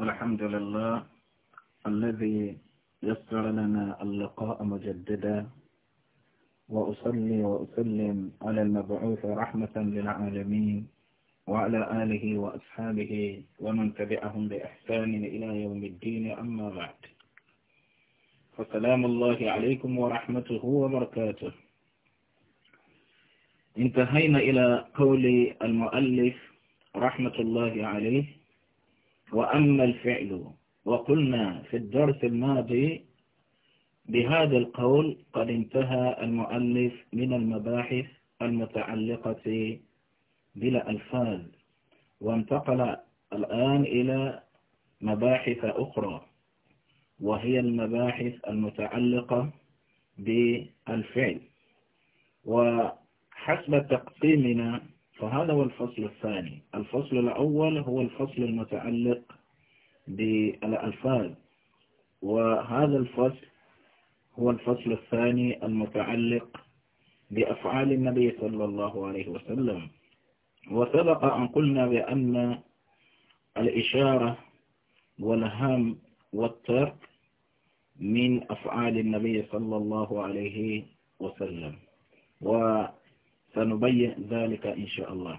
الحمد لله الذي يسر لنا اللقاء مجددا وأصلي وأسلم على المبعوث رحمة للعالمين وعلى آله وأصحابه ومن تبعهم بإحسان إلى يوم الدين أما بعد فسلام الله عليكم ورحمته وبركاته انتهينا إلى قول المؤلف رحمة الله عليه وأما الفعل وقلنا في الدرس الماضي بهذا القول قد انتهى المؤلف من المباحث المتعلقة بالألفاظ وانتقل الآن إلى مباحث أخرى وهي المباحث المتعلقة بالفعل وحسب تقسيمنا فهذا هو الفصل الثاني الفصل الأول هو الفصل المتعلق بالألفاظ وهذا الفصل هو الفصل الثاني المتعلق بأفعال النبي صلى الله عليه وسلم وسبق أن قلنا بأن الإشارة والهم والترك من أفعال النبي صلى الله عليه وسلم وسلم سنبين ذلك إن شاء الله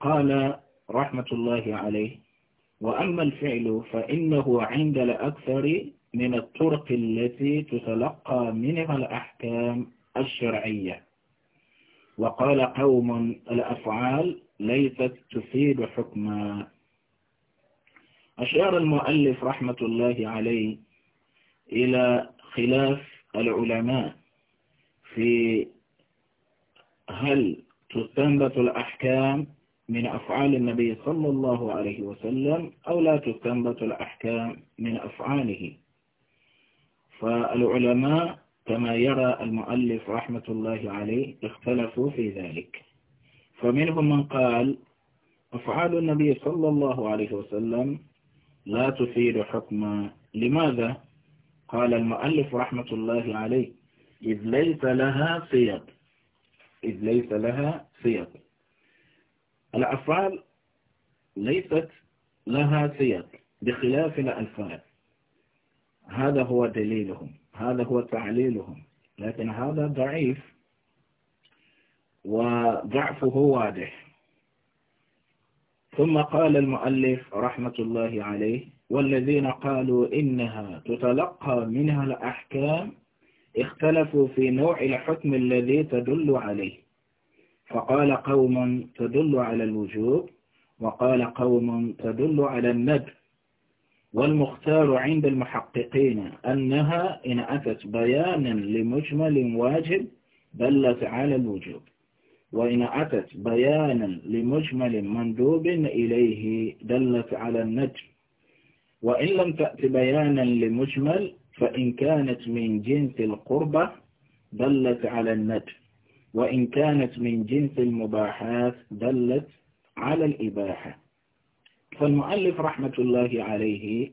قال رحمة الله عليه وأما الفعل فإنه عند الأكثر من الطرق التي تتلقى منها الأحكام الشرعية وقال قوم الأفعال ليست تفيد حكما أشار المؤلف رحمة الله عليه إلى خلاف العلماء في هل تستنبت الأحكام من أفعال النبي صلى الله عليه وسلم أو لا تستنبت الأحكام من أفعاله فالعلماء كما يرى المؤلف رحمة الله عليه اختلفوا في ذلك فمنهم من قال أفعال النبي صلى الله عليه وسلم لا تفيد حكما لماذا؟ قال المؤلف رحمة الله عليه إذ ليس لها صيغ إذ ليس لها سياق الأفعال ليست لها سياق بخلاف الألفاظ هذا هو دليلهم هذا هو تعليلهم لكن هذا ضعيف وضعفه واضح ثم قال المؤلف رحمة الله عليه والذين قالوا إنها تتلقى منها الأحكام اختلفوا في نوع الحكم الذي تدل عليه فقال قوم تدل على الوجوب وقال قوم تدل على الند والمختار عند المحققين أنها إن أتت بيانا لمجمل واجب دلت على الوجوب وإن أتت بيانا لمجمل مندوب إليه دلت على النجم وإن لم تأت بيانا لمجمل فإن كانت من جنس القربة دلت على الندب وإن كانت من جنس المباحات دلت على الإباحة فالمؤلف رحمة الله عليه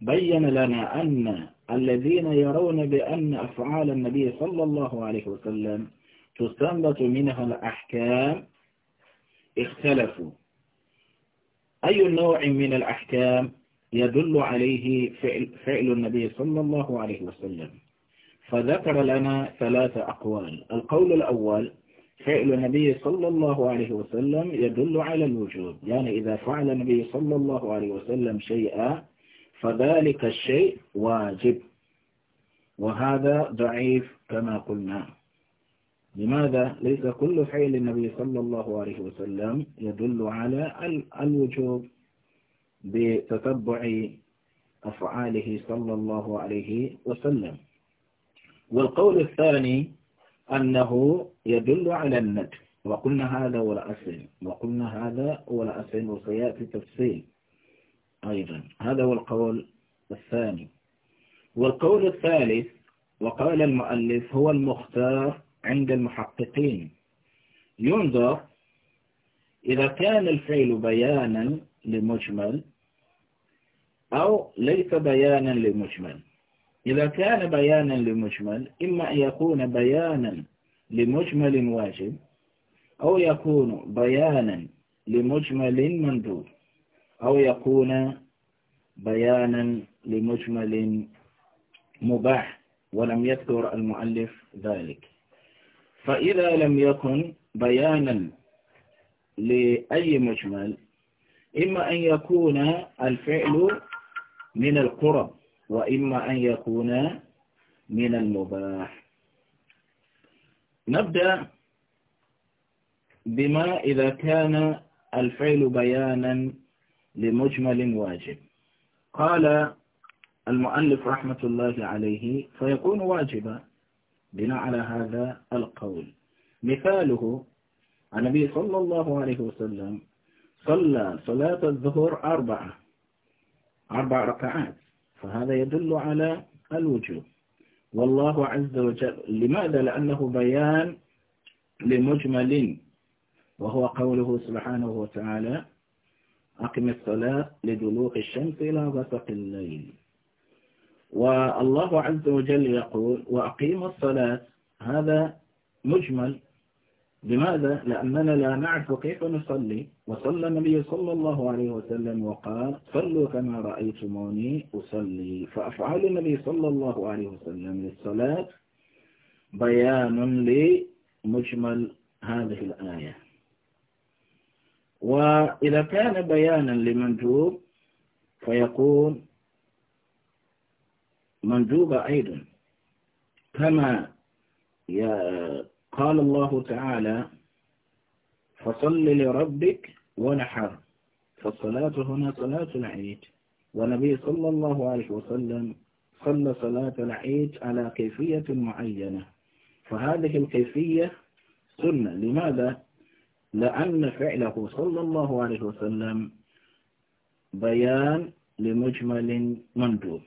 بين لنا أن الذين يرون بأن أفعال النبي صلى الله عليه وسلم تستنبط منها الأحكام اختلفوا أي نوع من الأحكام يدل عليه فعل, فعل النبي صلى الله عليه وسلم فذكر لنا ثلاثة أقوال القول الأول فعل النبي صلى الله عليه وسلم يدل على الوجوب يعني إذا فعل النبي صلى الله عليه وسلم شيئا فذلك الشيء واجب وهذا ضعيف كما قلنا لماذا ليس كل فعل النبي صلى الله عليه وسلم يدل على الوجوب بتتبع أفعاله صلى الله عليه وسلم والقول الثاني أنه يدل على الندب وقلنا هذا ولا أسن وقلنا هذا ولا أسل وسيأتي تفصيل أيضا هذا هو القول الثاني والقول الثالث وقال المؤلف هو المختار عند المحققين ينظر إذا كان الفعل بيانا لمجمل أو ليس بيانا لمجمل إذا كان بيانا لمجمل إما أن يكون بيانا لمجمل واجب أو يكون بيانا لمجمل مندوب أو يكون بيانا لمجمل مباح ولم يذكر المؤلف ذلك فإذا لم يكن بيانا لأي مجمل إما أن يكون الفعل من القرب وإما أن يكون من المباح نبدأ بما إذا كان الفعل بيانا لمجمل واجب قال المؤلف رحمة الله عليه فيكون واجبا بناء على هذا القول مثاله النبي صلى الله عليه وسلم صلى صلاة الظهر أربعة أربع ركعات فهذا يدل على الوجوب والله عز وجل لماذا لأنه بيان لمجمل وهو قوله سبحانه وتعالى أقم الصلاة لدلوق الشمس إلى غسق الليل والله عز وجل يقول وأقيم الصلاة هذا مجمل لماذا؟ لأننا لا نعرف كيف نصلي وصلى النبي صلى الله عليه وسلم وقال صلوا كما رأيتموني أصلي فأفعال النبي صلى الله عليه وسلم للصلاة بيان لمجمل هذه الآية وإذا كان بيانا لمندوب فيكون منجوب أيضا كما قال الله تعالى فصل لربك ونحر فالصلاة هنا صلاة العيد والنبي صلى الله عليه وسلم صلى صلاة العيد على كيفية معينة فهذه الكيفية سنة لماذا؟ لأن فعله صلى الله عليه وسلم بيان لمجمل مندوب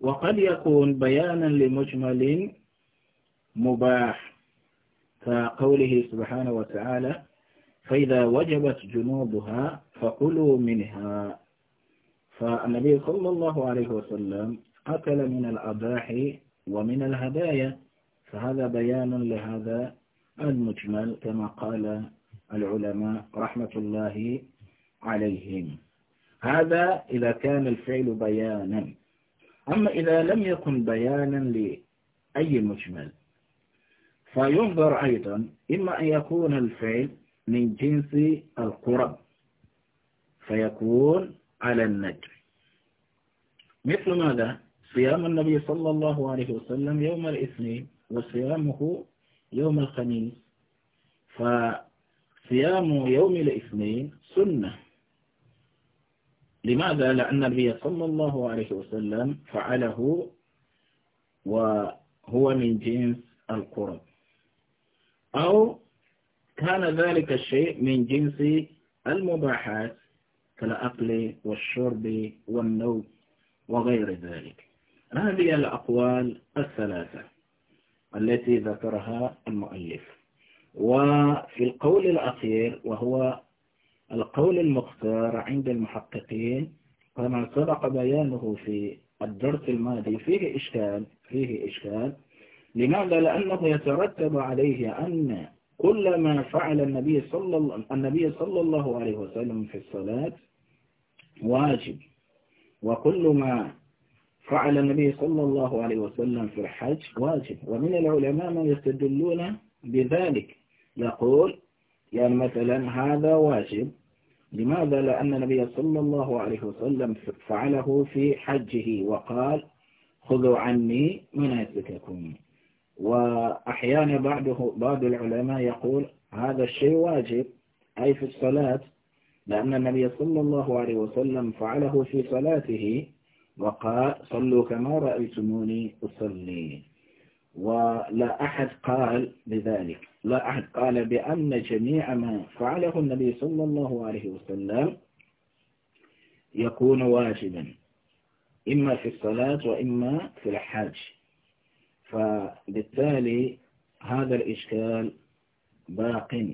وقد يكون بيانا لمجمل مباح كقوله سبحانه وتعالى فإذا وجبت جنوبها فكلوا منها فالنبي صلى الله عليه وسلم أكل من الأباح ومن الهدايا فهذا بيان لهذا المجمل كما قال العلماء رحمة الله عليهم هذا إذا كان الفعل بيانا أما إذا لم يكن بيانا لأي مجمل فينظر أيضا إما أن يكون الفعل من جنس القرب فيكون على النجم مثل ماذا؟ صيام النبي صلى الله عليه وسلم يوم الاثنين وصيامه يوم الخميس فصيام يوم الاثنين سنة لماذا؟ لأن النبي صلى الله عليه وسلم فعله وهو من جنس القرب أو كان ذلك الشيء من جنس المباحات كالأكل والشرب والنوم وغير ذلك هذه الأقوال الثلاثة التي ذكرها المؤلف وفي القول الأخير وهو القول المختار عند المحققين كما سبق بيانه في الدرس الماضي فيه إشكال فيه إشكال لماذا؟ لأنه يترتب عليه أن كل ما فعل النبي صلى الله, النبي صلى الله عليه وسلم في الصلاة واجب وكل ما فعل النبي صلى الله عليه وسلم في الحج واجب ومن العلماء من يستدلون بذلك يقول يعني مثلا هذا واجب لماذا لأن النبي صلى الله عليه وسلم فعله في حجه وقال خذوا عني مناسككم وأحيانا بعضه بعض العلماء يقول هذا الشيء واجب أي في الصلاة لأن النبي صلى الله عليه وسلم فعله في صلاته وقال صلوا كما رأيتموني أصلي ولا أحد قال بذلك لا أحد قال بأن جميع ما فعله النبي صلى الله عليه وسلم يكون واجبا إما في الصلاة وإما في الحج فبالتالي هذا الإشكال باق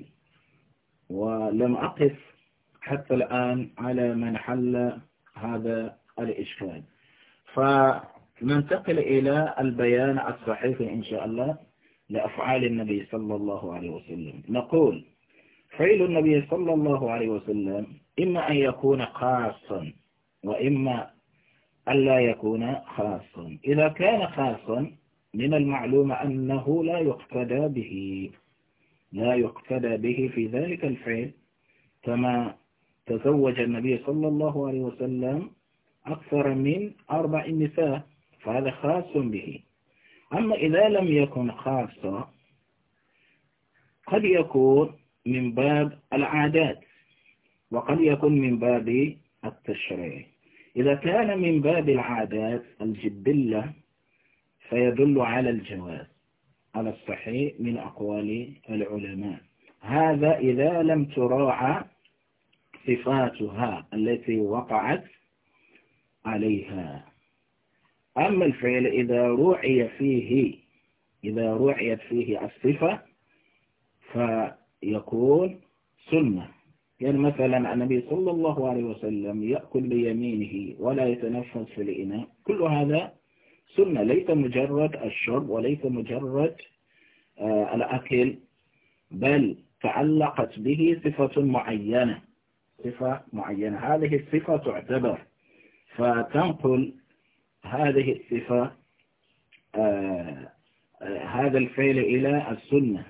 ولم أقف حتى الآن على من حل هذا الإشكال فننتقل إلى البيان الصحيح إن شاء الله لأفعال النبي صلى الله عليه وسلم نقول فعل النبي صلى الله عليه وسلم إما أن يكون خاصا وإما أن لا يكون خاصا إذا كان خاصا من المعلوم أنه لا يقتدى به لا يقتدى به في ذلك الفعل كما تزوج النبي صلى الله عليه وسلم أكثر من أربع نساء فهذا خاص به أما إذا لم يكن خاصا قد يكون من باب العادات وقد يكون من باب التشريع إذا كان من باب العادات الجبلة فيدل على الجواز على الصحيح من أقوال العلماء هذا إذا لم تراعى صفاتها التي وقعت عليها أما الفعل إذا روعي فيه إذا روعيت فيه الصفة فيكون سنة يعني مثلا النبي صلى الله عليه وسلم يأكل بيمينه ولا يتنفس في الإناء كل هذا سنة ليس مجرد الشرب وليس مجرد آه، الأكل بل تعلقت به صفة معينة صفة معينة هذه الصفة تعتبر فتنقل هذه الصفة آه، آه، هذا الفعل إلى السنة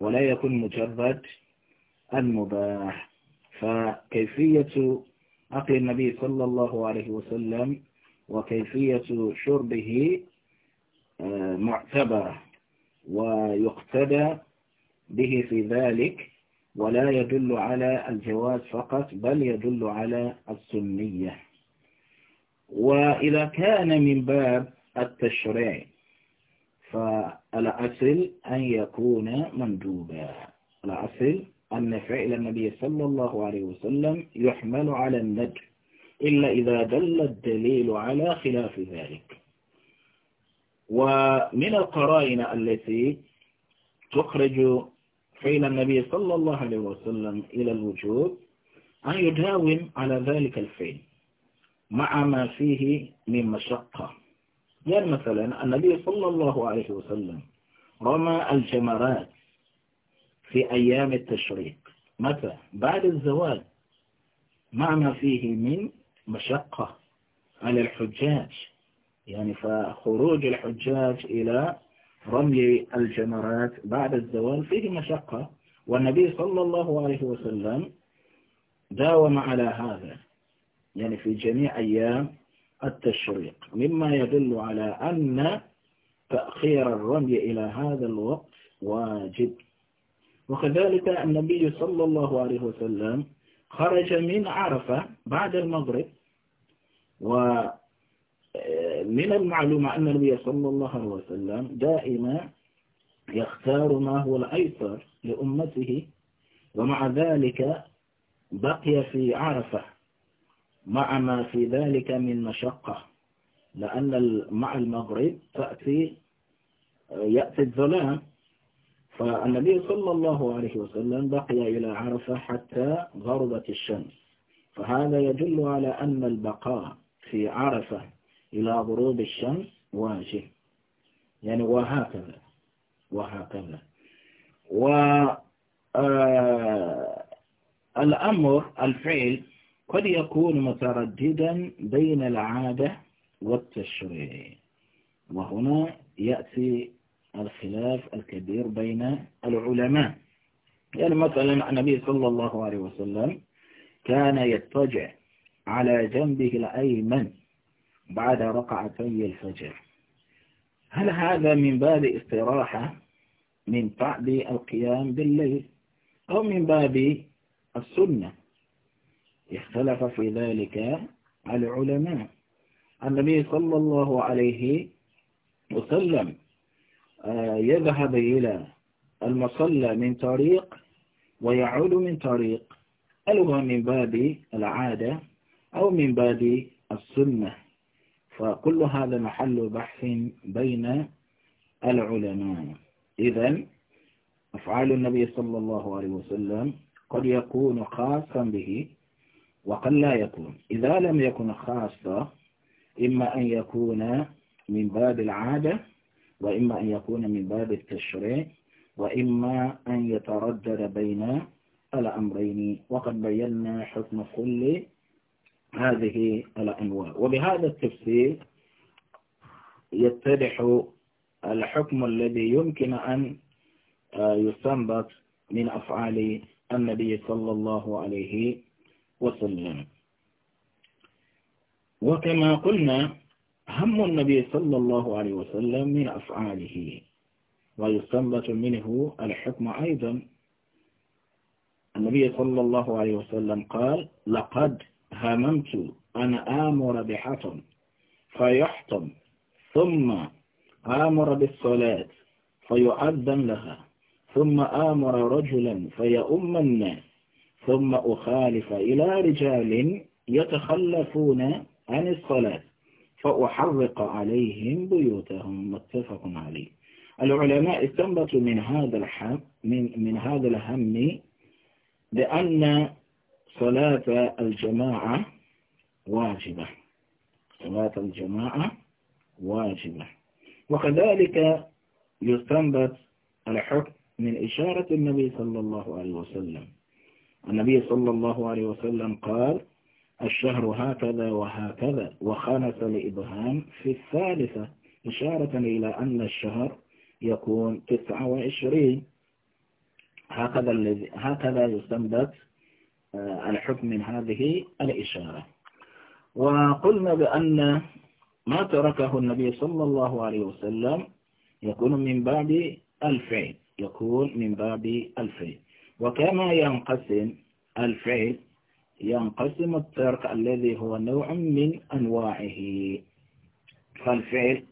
ولا يكون مجرد المباح فكيفية أقل النبي صلى الله عليه وسلم وكيفية شربه آه، معتبرة ويقتدى به في ذلك ولا يدل على الجواز فقط بل يدل على السنية وإذا كان من باب التشريع فالأصل أن يكون مندوبا الأصل أن فعل النبي صلى الله عليه وسلم يحمل على الندب إلا إذا دل الدليل على خلاف ذلك ومن القرائن التي تخرج فعل النبي صلى الله عليه وسلم إلى الوجود أن يداوم على ذلك الفعل مع ما فيه من مشقة يعني مثلا النبي صلى الله عليه وسلم رمى الجمرات في أيام التشريق متى؟ بعد الزوال مع ما فيه من مشقة على الحجاج يعني فخروج الحجاج إلى رمي الجمرات بعد الزوال فيه مشقة والنبي صلى الله عليه وسلم داوم على هذا يعني في جميع أيام التشريق مما يدل على أن تأخير الرمي إلى هذا الوقت واجب وكذلك النبي صلى الله عليه وسلم خرج من عرفة بعد المغرب ومن المعلومة أن النبي صلى الله عليه وسلم دائما يختار ما هو الأيسر لأمته ومع ذلك بقي في عرفة مع ما في ذلك من مشقة لأن مع المغرب تأتي يأتي الظلام فالنبي صلى الله عليه وسلم بقي إلى عرفة حتى غربت الشمس فهذا يدل على أن البقاء في عرفة إلى غروب الشمس واجب يعني وهكذا وهكذا و آه، الأمر الفعل قد يكون مترددا بين العادة والتشريع وهنا يأتي الخلاف الكبير بين العلماء يعني مثلا النبي صلى الله عليه وسلم كان يتجع على جنبه الأيمن بعد ركعتي الفجر هل هذا من باب استراحة من بعد القيام بالليل أو من باب السنة اختلف في ذلك العلماء النبي صلى الله عليه وسلم آه، يذهب إلى المصلى من طريق ويعود من طريق هل هو من باب العادة أو من باب السنة فكل هذا محل بحث بين العلماء إذا أفعال النبي صلى الله عليه وسلم قد يكون خاصا به وقد لا يكون إذا لم يكن خاصا إما أن يكون من باب العادة وإما أن يكون من باب التشريع وإما أن يتردد بين الأمرين وقد بينا حكم كل هذه الأنواع وبهذا التفسير يتضح الحكم الذي يمكن أن آه، يستنبط من أفعال النبي صلى الله عليه وسلم وكما قلنا هم النبي صلى الله عليه وسلم من أفعاله ويستنبت منه الحكم أيضا النبي صلى الله عليه وسلم قال لقد هممت أن آمر بحطم فيحطم ثم آمر بالصلاة فيؤذن لها ثم آمر رجلا فيؤم الناس ثم أخالف إلى رجال يتخلفون عن الصلاة فأحرق عليهم بيوتهم متفق عليه العلماء استنبطوا من هذا الحم من من هذا الهم بأن صلاة الجماعة واجبة صلاة الجماعة واجبة وكذلك يستنبط الحكم من إشارة النبي صلى الله عليه وسلم النبي صلى الله عليه وسلم قال الشهر هكذا وهكذا وخنث لإبهام في الثالثة إشارة إلى أن الشهر يكون 29 هكذا الذي هكذا يستنبت آه، الحكم من هذه الإشارة وقلنا بأن ما تركه النبي صلى الله عليه وسلم يكون من باب الفعل يكون من باب الفعل وكما ينقسم الفعل ينقسم الترك الذي هو نوع من أنواعه فالفعل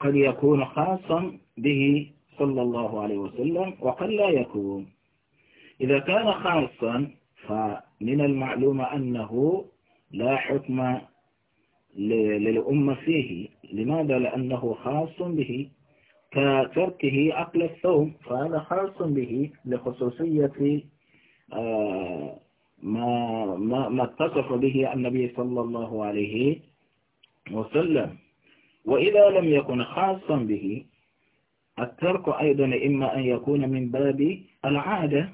قد يكون خاصا به صلى الله عليه وسلم وقد لا يكون إذا كان خاصا فمن المعلوم أنه لا حكم للأمة فيه لماذا؟ لأنه خاص به كتركه أقل الثوم فهذا خاص به لخصوصية آه ما, ما, ما اتصف به النبي صلى الله عليه وسلم وإذا لم يكن خاصا به الترك أيضا إما أن يكون من باب العادة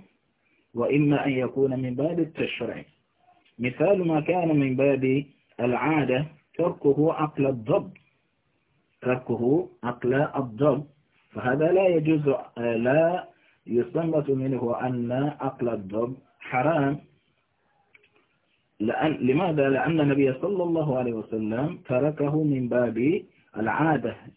وإما أن يكون من باب التشريع مثال ما كان من باب العادة تركه عقل الضب تركه عقل الضب فهذا لا يجوز لا يصنف منه أن عقل الضب حرام لأن لماذا؟ لأن النبي صلى الله عليه وسلم تركه من باب العادة